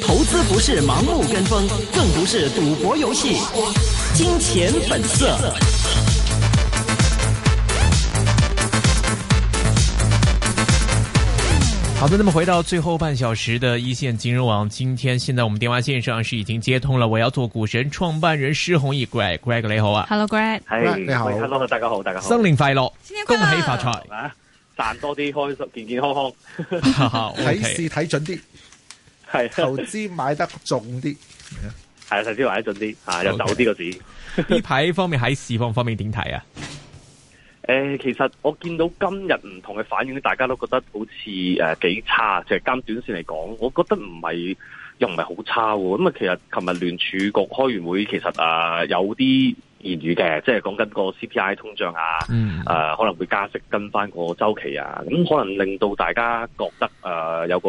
投資不是盲目跟風，更不是賭博遊戲，金錢本色。好的，那麼回到最後半小時的一線金融網，今天現在我們電話線上是已經接通了。我要做股神，創辦人施宏毅，Greg 雷猴啊，Hello Greg，嗨 Hi, 喂，你好，大家好，大家好，新年快樂，恭喜發財賺多啲開心，健健康康，睇市睇準啲，係 的投資買得重啲，係 Yeah. 投資買得準啲，吓又 Okay.、啊、走啲個字。呢排呢方面喺市況方面點睇啊？誒、呃，其實我見到今日唔同嘅反應，大家都覺得好似誒、呃、幾差，即係今短線嚟講，我覺得唔係又唔係好差。咁啊，其實琴日聯儲局開完會，其實啊、呃、有啲。言語嘅，即係講緊個 CPI 通脹啊，誒可能會加息跟翻個週期啊，咁可能令到大家覺得誒有個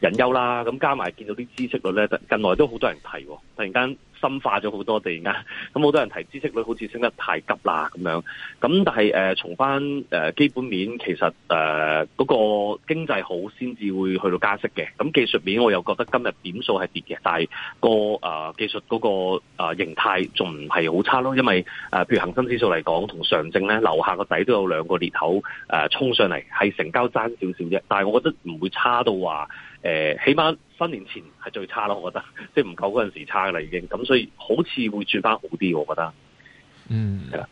隱憂啦，咁加埋見到啲知識率咧，近來都好多人提，突然間。深化咗好多突然間，咁好多人提知識率好似升得太急啦咁樣，咁但係誒、呃、從翻誒基本面其實誒嗰、呃那個經濟好先至會去到加息嘅，咁技術面我又覺得今日點數係跌嘅，但係、那個誒、呃、技術嗰、那個、呃、形態仲唔係好差咯，因為誒、呃、譬如恒生指數嚟講同上證咧，樓下個底都有兩個裂口誒衝、呃、上嚟，係成交爭少少啫，但係我覺得唔會差到話。誒，起碼新年前係最差咯，我覺得，即係唔夠嗰陣時差啦，已經咁，所以好似會轉翻好啲，我覺得。嗯，係啦。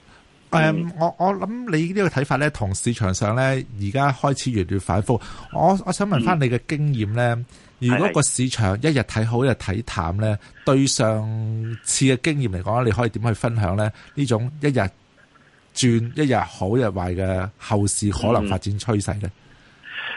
誒、嗯嗯，我我諗你呢個睇法咧，同市場上咧而家開始越嚟越反覆。我我想問翻你嘅經驗咧，嗯、如果個市場一日睇好是是一日睇淡咧，對上次嘅經驗嚟講，你可以點去分享咧？呢種一日轉一日好一日壞嘅後市可能發展趨勢咧？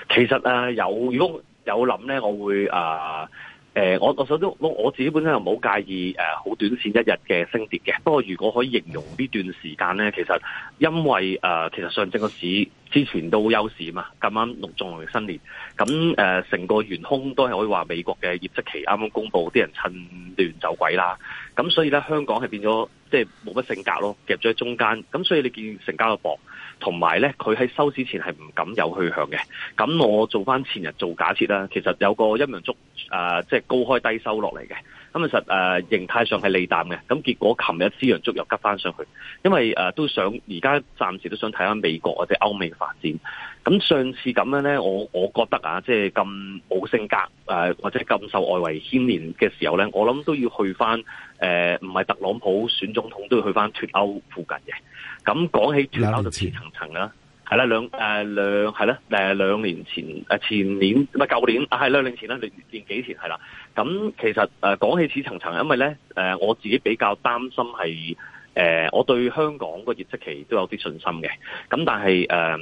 其實啊，有如果。有諗咧，我會啊、呃，我我想都我，我自己本身又唔好介意誒，好、呃、短線一日嘅升跌嘅。不過如果可以形容呢段時間咧，其實因為誒、呃，其實上證個市之前都休市嘛，咁啱陸續迎新年，咁誒成個圓空都係可以話美國嘅業績期啱啱公布，啲人趁亂走鬼啦，咁所以咧香港係變咗即係冇乜性格咯，夾咗喺中間，咁所以你見成交嘅薄。同埋咧，佢喺收市前係唔敢有去向嘅。咁我做翻前日做假設啦，其實有個陰陽燭，呃，即係高開低收落嚟嘅。咁、嗯、其實誒、啊、形態上係利淡嘅，咁、嗯、結果琴日資陽足又急翻上去，因為誒、啊、都想而家暫時都想睇下美國或者歐美嘅發展。咁、嗯、上次咁樣咧，我我覺得啊，即係咁冇性格誒、啊，或者咁受外圍牽連嘅時候咧，我諗都要去翻誒，唔、呃、係特朗普選總統都要去翻脫歐附近嘅。咁、嗯、講起脫歐就似層層啦。係啦，兩誒兩係誒兩年前誒前年唔係舊年，係兩年前啦，年幾年前係啦。咁、嗯、其實誒講、嗯、起似層層，因為咧誒、呃、我自己比較擔心係誒、呃、我對香港個業績期都有啲信心嘅。咁、嗯、但係誒、呃、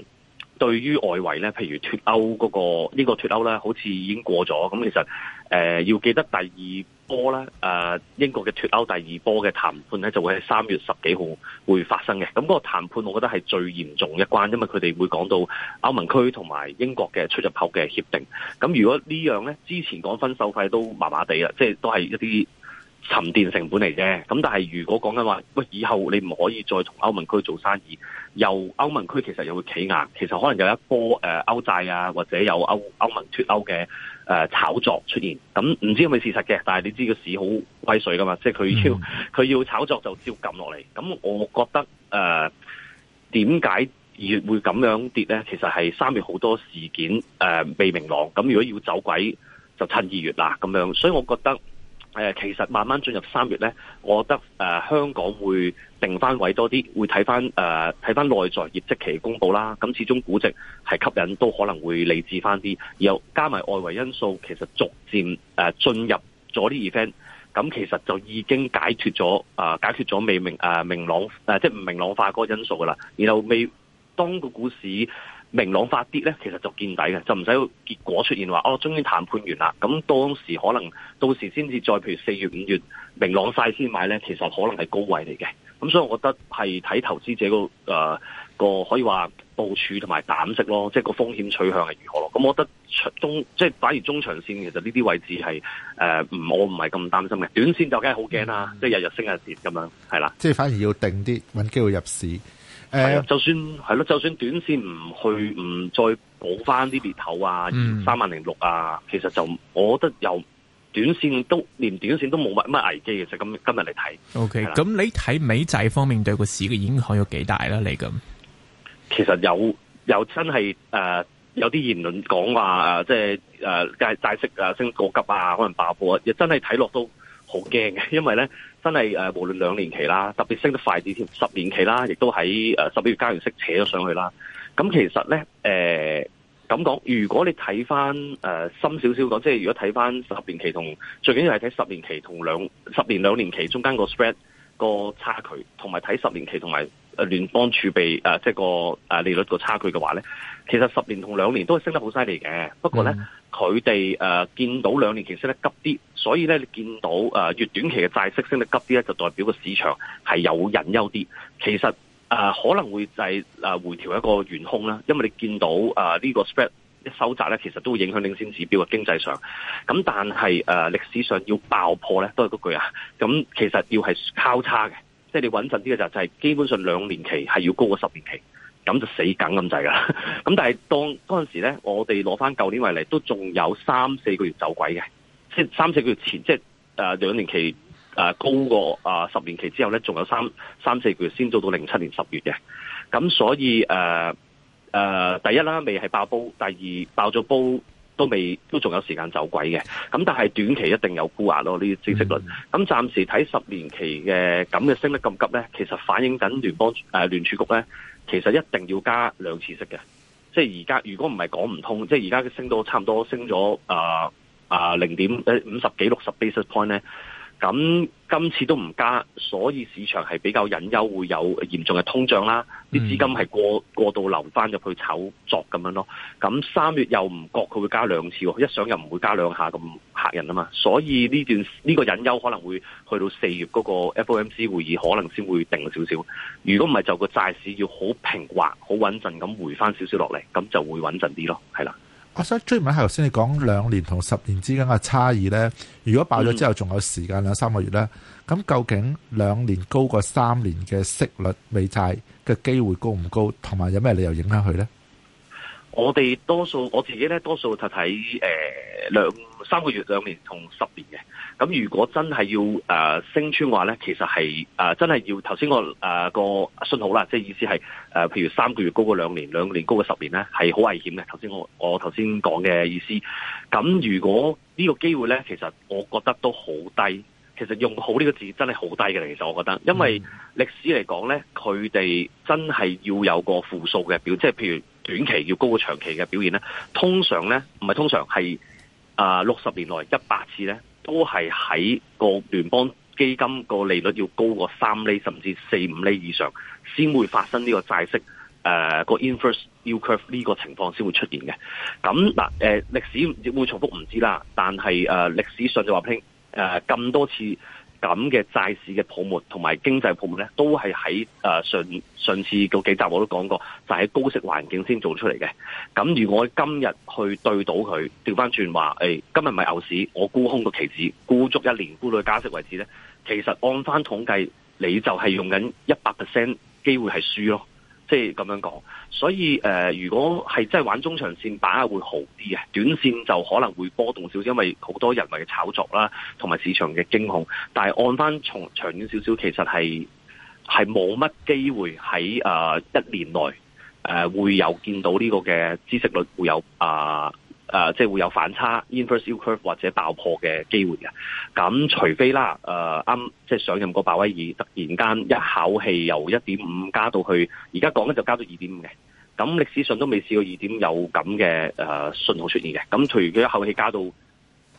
對於外圍咧，譬如脫歐嗰個、這個、脫歐呢個脫歐咧，好似已經過咗。咁、嗯、其實誒、呃、要記得第二波咧，誒英國嘅脫歐第二波嘅談判咧，就會喺三月十幾號會發生嘅。咁嗰個談判，我覺得係最嚴重一關，因為佢哋會講到歐盟區同埋英國嘅出入口嘅協定。咁如果呢樣呢，之前講分手費都麻麻地啦，即係都係一啲沉澱成本嚟啫。咁但係如果講緊話，喂，以後你唔可以再同歐盟區做生意，又歐盟區其實又會企硬，其實可能有一波歐債啊，或者有歐歐盟脫歐嘅。誒、炒作出現，咁唔知係咪事實嘅，但係你知個市好乖水㗎嘛，即係佢要佢要炒作就照撳落嚟。咁我覺得，誒點解二月會咁樣跌咧？其實係三月好多事件誒、呃、未明朗，咁如果要走鬼就趁二月啦，咁樣，所以我覺得。其實慢慢進入三月咧，我覺得、呃、香港會定翻位多啲，會睇翻睇翻內在業績期公佈啦。咁始終估值係吸引，都可能會理智翻啲。又加埋外圍因素，其實逐漸進、呃、入咗啲 event，咁、嗯、其實就已經解決咗、呃、解決咗未明、呃、明朗、呃、即係唔明朗化嗰個因素噶啦。然後未當個股市。明朗化啲咧，其實就見底嘅，就唔使結果出現話哦，終於談判完啦。咁當時可能到時先至再，譬如四月、五月明朗晒先買咧，其實可能係高位嚟嘅。咁所以我覺得係睇投資者個誒個可以話部署同埋膽識咯，即係個風險取向係如何咯。咁我覺得中即係反而中長線其實呢啲位置係唔、呃、我唔係咁擔心嘅。短線就梗係好驚啦，嗯、即係日日升日跌咁樣，係啦。即係反而要定啲揾機會入市。係啊，就算係咯，就算短線唔去唔再補翻啲熱頭啊，三萬零六啊，其實就我覺得又短線都連短線都冇乜乜危機嘅，實今今日嚟睇。OK，咁你睇美債方面對個市嘅影響有幾大啦，啊？你咁，其實有有真係誒、呃，有啲言論講話誒，即係誒債息升過急啊，可能爆破啊，又真係睇落都。好驚嘅，因為咧真係、呃、無論兩年期啦，特別升得快啲添，十年期啦，亦都喺、呃、十一月加完息扯咗上去啦。咁、嗯、其實咧誒咁講，如果你睇翻誒深少少講，即係如果睇翻十年期同最緊要係睇十年期同兩十年兩年期中間個 spread 個差距，同埋睇十年期同埋聯邦儲備、呃、即係個利率個差距嘅話咧，其實十年同兩年都係升得好犀利嘅，不過咧。嗯佢哋誒見到兩年期升得急啲，所以咧你見到誒越、呃、短期嘅債息升得急啲咧，就代表個市場係有隱憂啲。其實誒、呃、可能會就係、是、誒、呃、回調一個懸空啦，因為你見到誒呢、呃這個 spread 一收窄咧，其實都會影響領先指標嘅經濟上。咁但係誒、呃、歷史上要爆破咧，都係嗰句啊。咁其實要係交叉嘅，即、就、係、是、你穩陣啲嘅就是、就係、是、基本上兩年期係要高過十年期。咁就死梗咁滯噶啦！咁 但係當嗰陣時咧，我哋攞翻舊年為例，都仲有三四個月走鬼嘅，即係三四個月前，即係誒兩年期誒高過啊十年期之後咧，仲有三三四個月先做到零七年十月嘅。咁所以誒誒、呃呃，第一啦，未係爆煲；第二爆咗煲都未，都仲有時間走鬼嘅。咁但係短期一定有沽壓咯，呢啲正息率。咁暫時睇十年期嘅咁嘅升得咁急咧，其實反映緊聯邦誒聯儲局咧。其實一定要加兩次息嘅，即係而家如果唔係講唔通，即係而家升到差唔多升咗啊啊零點誒五十幾六十 basis point 咧。咁今次都唔加，所以市場係比較隱憂，會有嚴重嘅通脹啦。啲資金係過過度流翻入去炒作咁樣咯。咁三月又唔覺佢會加兩次，一上又唔會加兩下咁嚇人啊嘛。所以呢段呢個隱憂可能會去到四月嗰個 FOMC 會議，可能先會定少少。如果唔係就個債市要好平滑，好穩陣咁回翻少少落嚟，咁就會穩陣啲咯。係啦。我想追問下，頭先你講兩年同十年之間嘅差異呢？如果爆咗之後仲有時間，嗯、兩三個月呢？咁究竟兩年高過三年嘅息率美債嘅機會高唔高，同埋有咩理由影響佢呢？我哋多數我自己咧多數就睇，誒兩三個月，兩年同十年嘅。咁如果真係要誒、呃、升穿話咧，其實係誒、呃、真係要頭先，那個誒、呃、個信號啦，即係意思係誒、呃、譬如三個月高過兩年，兩年高過十年咧，係好危險嘅。頭先我我頭先講嘅意思。咁如果呢個機會咧，其實我覺得都好低。其實用好呢個字真係好低嘅，其實我覺得，因為歷史嚟講咧，佢哋真係要有個負數嘅表，即係譬如。短期要高過長期嘅表現，通常呢，唔係通常係，啊六十年內一百次咧，都係喺個聯邦基金個利率要高過三厘甚至四五厘以上，先會發生呢個債息誒個、呃、inverse yield curve 呢個情況，先會出現嘅。咁嗱、呃、歷史會重複唔知啦，但係、呃、歷史上就話聽誒咁多次。咁嘅債市嘅泡沫同埋經濟泡沫咧，都係喺、呃、上上次個幾集我都講過，就喺、是、高息環境先做出嚟嘅。咁如果今日去對到佢調翻轉話，誒、哎、今日唔係牛市，我沽空個期指，沽足一年，沽到佢加息為止咧，其實按翻統計，你就係用緊一百 percent 機會係輸咯。即係咁樣講，所以誒、呃，如果係真係玩中長線，把握會好啲嘅，短線就可能會波動少少，因為好多人為嘅炒作啦，同埋市場嘅驚恐。但係按翻從長遠少少，其實係係冇乜機會喺誒、呃、一年內誒、呃、會有見到呢個嘅知識率會有啊。呃誒，即係、呃就是、會有反差、inverse U curve 或者爆破嘅機會嘅。咁除非啦，誒啱即係上任個鮑威爾突然間一口氣由一點五加到去，而家講咧就加到二點五嘅。咁歷史上都未試過二點有咁嘅誒信號出現嘅。咁除佢一口氣加到誒、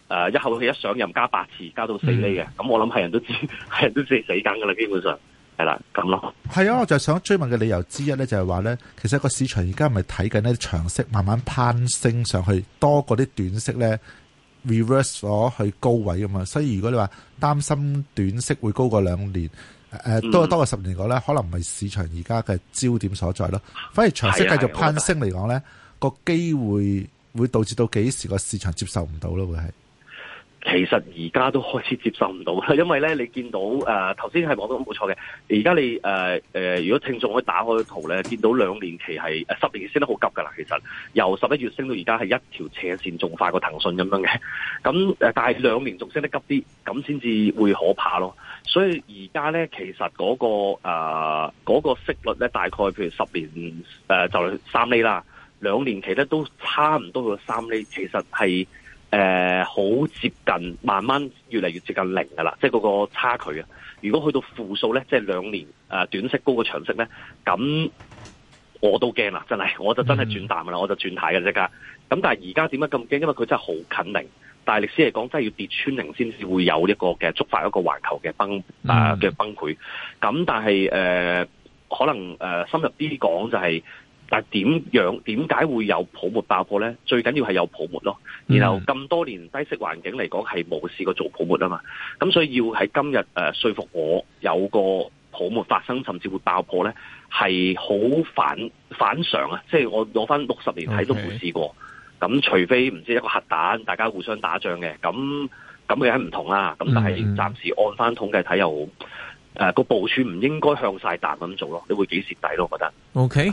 呃、一口氣一上任加八次，加到四厘嘅。咁我諗係人都知，係人都知死梗㗎啦，基本上。係啦，咁咯。係啊，我就想追問嘅理由之一咧，就係話咧，其實個市場而家係咪睇緊呢啲長息慢慢攀升上去，多過啲短息咧，reverse 咗去高位啊嘛。所以如果你話擔心短息會高過兩年，誒、呃，都係、嗯、多過十年嚟講咧，可能唔係市場而家嘅焦點所在咯。反而長息繼續攀升嚟講咧，個機會會導致到幾時個市場接受唔到咯，會係。其實而家都開始接受唔到啦，因為咧你見到誒頭先係講得冇錯嘅，而家你誒、呃呃、如果聽眾可以打開圖咧，見到兩年期係誒十年升得好急㗎啦，其實由十一月升到而家係一條斜線，仲快過騰訊咁樣嘅。咁誒，但係兩年仲升得急啲，咁先至會可怕咯。所以而家咧，其實嗰、嗰個誒嗰、呃嗰個息率咧，大概譬如十年誒、呃、就三厘啦，兩年期咧都差唔多個三厘，其實係。誒，好、呃、接近，慢慢越嚟越接近零噶啦，即係嗰個差距啊！如果去到負數咧，即係兩年誒、呃、短息高嘅長息咧，咁我都驚啦，真係，我就真係轉淡噶啦，我就轉軚嘅即刻。咁但係而家點解咁驚？因為佢真係好近零，但係歷史嚟講，真係要跌穿零先至會有一個嘅觸發一個環球嘅崩誒嘅崩潰。咁、嗯呃、但係誒、呃、可能誒、呃、深入啲講就係、是。但點樣點解會有泡沫爆破呢？最緊要係有泡沫咯。然後咁多年低息環境嚟講係冇試過做泡沫啊嘛。咁所以要喺今日誒、呃、說服我有個泡沫發生，甚至會爆破呢，係好反反常啊！即係我攞翻六十年睇都冇試過。咁 Okay. 除非唔知一個核彈，大家互相打仗嘅。咁咁嘅嘢唔同啦。咁但係暫時按翻統計睇又誒個部署唔應該向晒彈咁做咯。你會幾蝕底咯？我覺得 OK。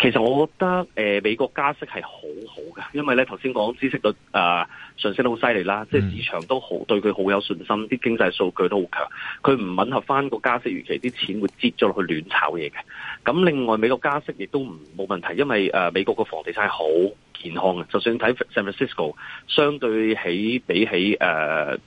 其實我覺得誒、呃、美國加息係好好嘅，因為咧頭先講孳息率誒、呃、上升得好犀利啦，嗯、即係市場都好對佢好有信心，啲經濟數據都好強。佢唔吻合翻個加息預期，啲錢會擠咗落去亂炒嘢嘅。咁另外美國加息亦都唔冇問題，因為誒、呃、美國個房地產係好健康嘅，就算睇 San Francisco 相對起比起誒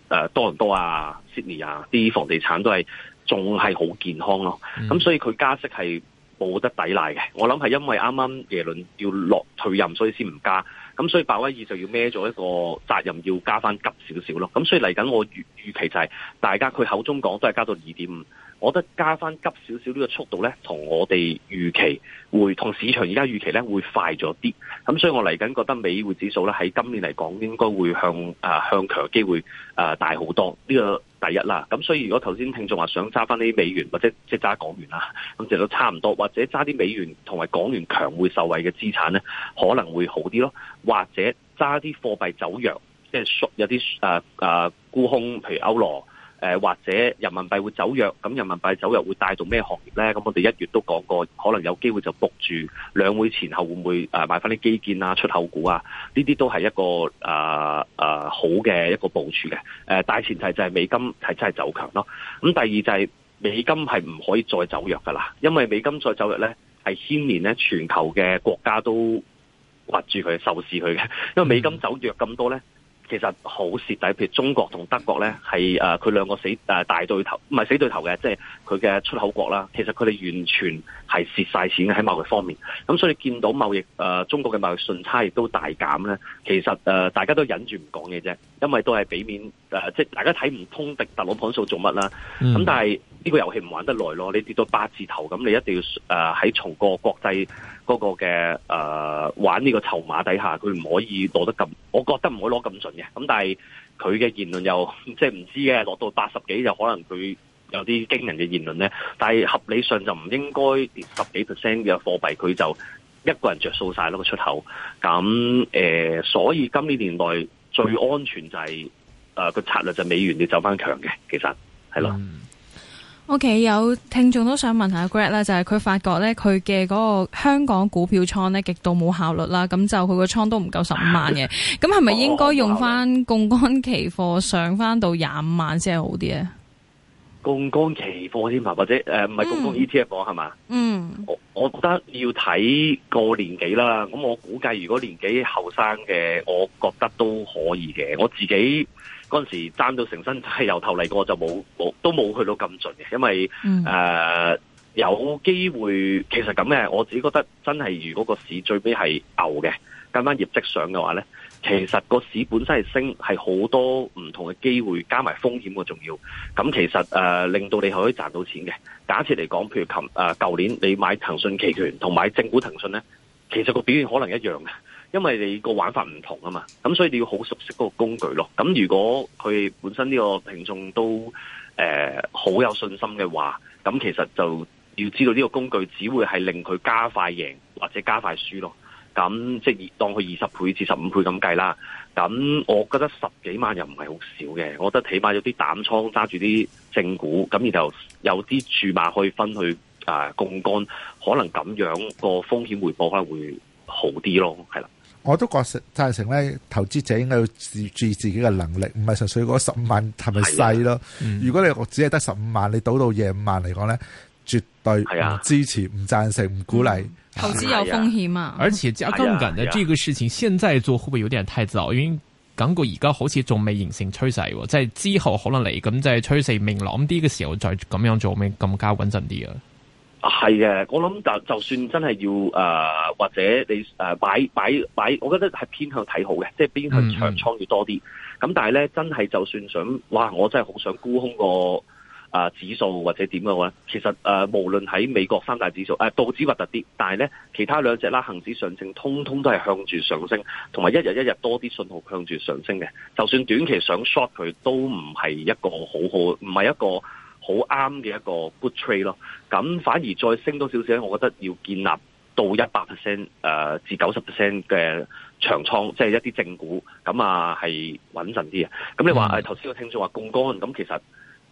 誒多倫多啊 Sydney 啊啲房地產都係仲係好健康咯。咁、嗯嗯、所以佢加息係。冇得抵賴嘅，我諗係因為啱啱耶倫要落退任，所以先唔加，咁所以鮑威爾就要孭咗一個責任，要加翻急少少咯。咁所以嚟緊我預預期就係、是、大家佢口中講都係加到二點五，我覺得加翻急少少呢個速度呢，同我哋預期會同市場而家預期呢會快咗啲。咁所以我嚟緊覺得美匯指數呢，喺今年嚟講應該會向啊向強機會啊大好多呢、這個。第一啦，咁所以如果頭先聽眾話想揸翻啲美元或者即係揸港元啦，咁其實都差唔多，或者揸啲美元同埋港元強會受惠嘅資產咧，可能會好啲咯，或者揸啲貨幣走弱，即係縮有啲誒誒沽空，譬如歐羅。誒或者人民幣會走弱，咁人民幣走弱會帶動咩行業呢？咁我哋一月都講過，可能有機會就僕住兩會前後會唔會誒買翻啲基建啊、出口股啊？呢啲都係一個誒、呃呃、好嘅一個部署嘅、呃。大前提就係美金係真係走強咯。咁第二就係美金係唔可以再走弱㗎啦，因為美金再走弱呢，係牽連呢全球嘅國家都掘住佢受視佢嘅，因為美金走弱咁多呢。其實好蝕底，譬如中國同德國咧，係誒佢兩個死誒、呃、大對頭，唔係死對頭嘅，即係佢嘅出口國啦。其實佢哋完全係蝕晒錢喺貿易方面，咁、嗯、所以見到貿易誒、呃、中國嘅貿易順差亦都大減咧。其實誒、呃、大家都忍住唔講嘅啫，因為都係俾面誒、呃，即係大家睇唔通特朗普數做乜啦。咁、嗯嗯、但係呢個遊戲唔玩得耐咯，你跌到八字頭咁，你一定要誒喺從個國際。嗰個嘅誒、呃、玩呢個籌碼底下，佢唔可以攞得咁，我覺得唔可以攞咁盡嘅。咁但係佢嘅言論又即係唔知嘅，落到八十幾就可能佢有啲驚人嘅言論咧。但係合理上就唔應該跌十幾 percent 嘅貨幣，佢就一個人着數晒嗰個出口。咁誒、呃，所以今年年代最安全就係誒個策略就美元要走翻強嘅，其實係咯。OK，有聽眾都想問下 Grant 啦，就係佢發覺咧，佢嘅嗰個香港股票倉咧極度冇效率啦，咁就佢個倉都唔夠十五萬嘅，咁係咪應該用返槓桿期貨上返到廿五萬先係好啲咧？槓杆期貨添嘛，或者誒唔係槓杆 E T F 係嘛？嗯，吧嗯我我覺得要睇個年紀啦。咁我估計如果年紀後生嘅，我覺得都可以嘅。我自己嗰陣時爭到成身係由頭嚟過就沒，就冇冇都冇去到咁盡嘅，因為誒、呃、有機會。其實咁嘅，我自己覺得真係如果個市最尾係牛嘅，跟翻業績上嘅話咧。其實個市本身係升，係好多唔同嘅機會，加埋風險嘅重要，咁其實誒、呃、令到你可以賺到錢嘅。假設嚟講，譬如琴誒舊年你買騰訊期權同買正股騰訊咧，其實個表現可能一樣嘅，因為你個玩法唔同啊嘛。咁所以你要好熟悉嗰個工具咯。咁如果佢本身呢個聽眾都誒好、呃、有信心嘅話，咁其實就要知道呢個工具只會係令佢加快贏或者加快輸咯。咁即係當佢二十倍至十五倍咁計啦，咁我覺得十幾萬又唔係好少嘅，我覺得起碼有啲膽倉揸住啲正股，咁然後有啲注碼可以分去誒槓桿，可能咁樣個風險回報可能會好啲咯，係啦，我都覺贊成咧，投資者應該要注意自己嘅能力，唔係純粹嗰十五萬係咪細咯？的如果你只係得十五萬，你賭到廿五萬嚟講咧，絕對唔支持，唔贊的成、唔鼓勵。投資有風險啊！啊啊而且加槓桿嘅呢個事情，哎、呀現在做會唔會有啲人太早？哎、呀因為港股而家好似仲未形成趨勢，喎，即係之後可能嚟，咁即係趨勢明朗啲嘅時候，再咁樣做咪更加穩陣啲啊！係嘅，我諗就就算真係要誒、呃、或者你誒擺擺擺，我覺得係偏向睇好嘅，即係偏向長倉要多啲。咁、嗯、但係咧，真係就算想，哇！我真係好想沽空個。啊、呃，指數或者點樣呢？其實誒、呃，無論喺美國三大指數，誒、呃、道指核突啲，但係咧其他兩隻啦，恆指上證，通通都係向住上升，同埋一日一日多啲信號向住上升嘅。就算短期想 short 佢，都唔係一個好好，唔係一個好啱嘅一個 good trade 咯。咁反而再升多少少咧，我覺得要建立到100、呃就是、一百 percent 至九十 percent 嘅長倉，即係一啲正股，咁啊係穩陣啲嘅。咁你話頭先個聽眾話槓桿咁其實。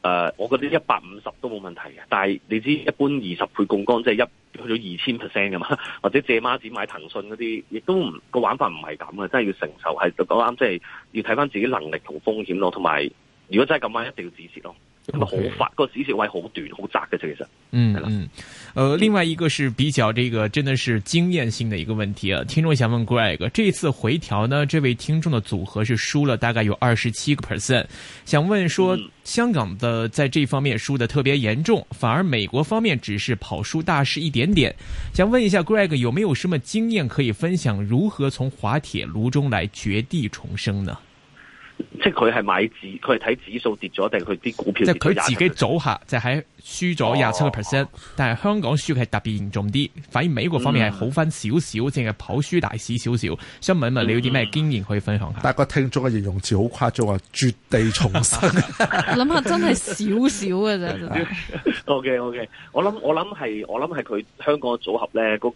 誒，uh, 我覺得一百五十都冇問題嘅，但係你知一般二十倍槓桿即係一去到二千 percent 噶嘛，或者借孖子買騰訊嗰啲，亦都唔個玩法唔係咁嘅，真係要承受係就講啱，即係、就是就是、要睇返自己能力同風險咯，同埋如果真係咁啊，一定要指示咯。咁啊好窄，個指示位好短，好窄嘅啫，其實。嗯，嗯，呃，另外一個是比較，這個真的是經驗性的一個問題啊。聽眾想問 Greg，這次回調呢，這位聽眾的組合是輸了大概有二十七個 percent，想問說香港的在這方面輸得特別嚴重，反而美國方面只是跑輸大市一點點，想問一下 Greg 有沒有什麼經驗可以分享，如何從滑鐵盧中來絕地重生呢？即係佢係買指，佢係睇指數跌咗，定係佢啲股票跌咗？即係佢自己組合就喺輸咗廿七個 percent，但係香港輸係特別嚴重啲，反而美國方面係好翻少少，淨係、嗯、跑輸大市少少。想問一問你有啲咩經驗可以分享下？大家聽聽眾嘅形容詞好誇張啊，我絕地重生。諗 下真係少少嘅啫。OK OK，我諗我諗係我諗係佢香港組合咧、那、嗰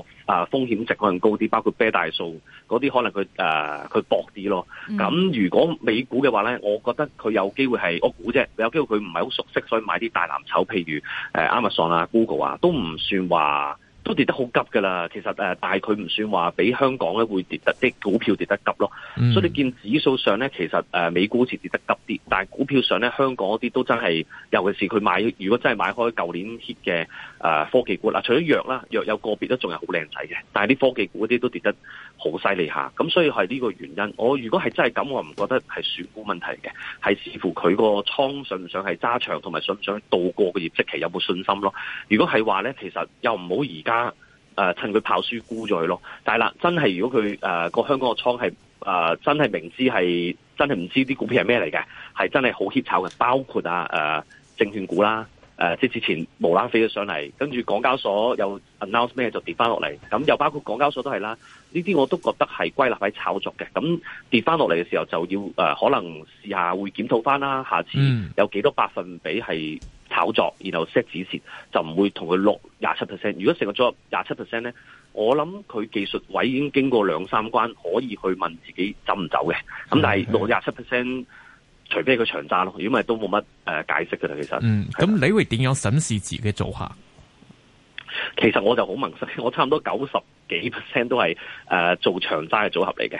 個。啊，風險值可能高啲，包括啤大數嗰啲，可能佢誒佢薄啲咯。咁如果美股嘅話咧，我覺得佢有機會係我估啫，有機會佢唔係好熟悉，所以買啲大藍籌，譬如誒 Amazon 啊、Google 啊，都唔算話。都跌得好急噶啦，其實誒、呃，但係佢唔算話比香港咧會跌得啲股票跌得急咯，mm hmm. 所以你見指數上咧，其實誒美股好似跌得急啲，但係股票上咧香港嗰啲都真係，尤其是佢買，如果真係買開舊年 hit 嘅誒、呃、科技股啦，除咗藥啦，藥有個別都仲係好靚仔嘅，但係啲科技股嗰啲都跌得好犀利下，咁所以係呢個原因。我如果係真係咁，我唔覺得係選股問題嘅，係視乎佢個倉想唔想係揸長，同埋想唔想去度過個業績期有冇信心咯。如果係話咧，其實又唔好而家。啊！趁佢跑輸沽咗佢咯，但係啦，真係如果佢誒個香港個倉係誒真係明知係真係唔知啲股票係咩嚟嘅，係真係好怯炒嘅，包括啊誒證券股啦，誒即係之前無啦飛咗上嚟，跟住港交所又 announce 咩就跌翻落嚟，咁又包括港交所都係啦，呢啲我都覺得係歸納喺炒作嘅，咁跌翻落嚟嘅時候就要誒可能試下會檢討翻啦，下次有幾多百分比係。炒作，然後 set 止蝕就唔會同佢落廿七 percent。如果成個組合廿七 percent 咧，我諗佢技術位已經經過兩三關，可以去問自己走唔走嘅。咁但係落廿七 percent，除非佢長揸咯。如果唔係都冇乜誒解釋嘅啦，其實。嗯，咁的、嗯、你會點樣審視自己組合？其實我就好明識，我差唔多九十幾 percent 都係誒、呃、做長揸嘅組合嚟嘅。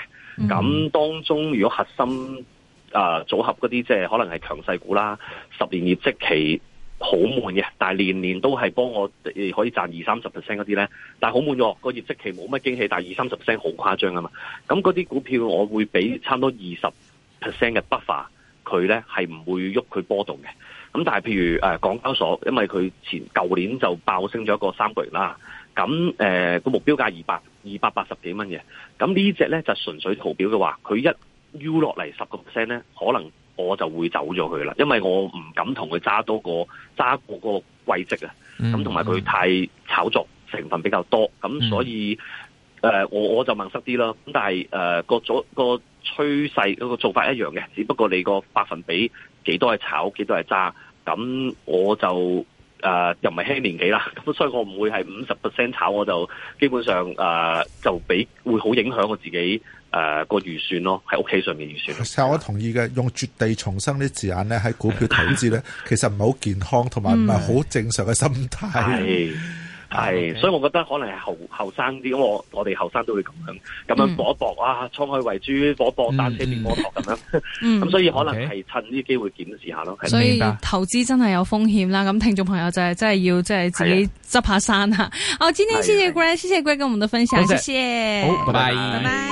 咁、嗯、當中如果核心啊、呃、組合嗰啲，即係可能係強勢股啦，十年業績期。好悶嘅，但係年年都係幫我誒可以賺二三十 percent 嗰啲呢。但係好悶喎，個業績期冇乜驚喜，但係二三十 percent 好誇張啊嘛，咁嗰啲股票我會俾差唔多二十 percent 嘅 buffer，佢呢係唔會喐佢波動嘅。咁但係譬如誒、呃、港交所，因為佢前舊年就爆升咗個三個月啦，咁誒個目標價二百二百八十幾蚊嘅，咁呢隻呢，就純粹圖表嘅話，佢一 U 落嚟十個 percent 呢，可能。我就會走咗佢啦，因為我唔敢同佢揸多個揸嗰個位置啊，咁同埋佢太炒作成分比較多，咁、嗯、所以誒、呃、我我就盲塞啲啦。咁但係誒、呃、個組個趨勢嗰個做法一樣嘅，只不過你個百分比幾多係炒，幾多係揸，咁我就。誒、呃，又唔係輕年紀啦，咁所以我唔會係五十 percent 炒，我就基本上誒、呃、就比會好影響我自己誒、呃、個預算咯，喺屋企上面預算。其實我同意嘅，用絕地重生呢字眼咧喺股票投資咧， 其實唔係好健康，同埋唔係好正常嘅心態、嗯。 係，所以我覺得可能係後後生啲，咁我我哋後生都會咁樣，咁樣搏一搏啊，滄海遺珠，搏一搏單、嗯、車變摩托咁樣，咁、嗯、 所以可能係趁呢機會檢視下咯。所以投資真係有風險啦，咁聽眾朋友就係真係要即係自己執下山啊！阿詹先生，哦、今天謝謝貴的，謝謝貴跟我們的分享，謝謝，好，拜拜謝，拜拜。Bye bye bye bye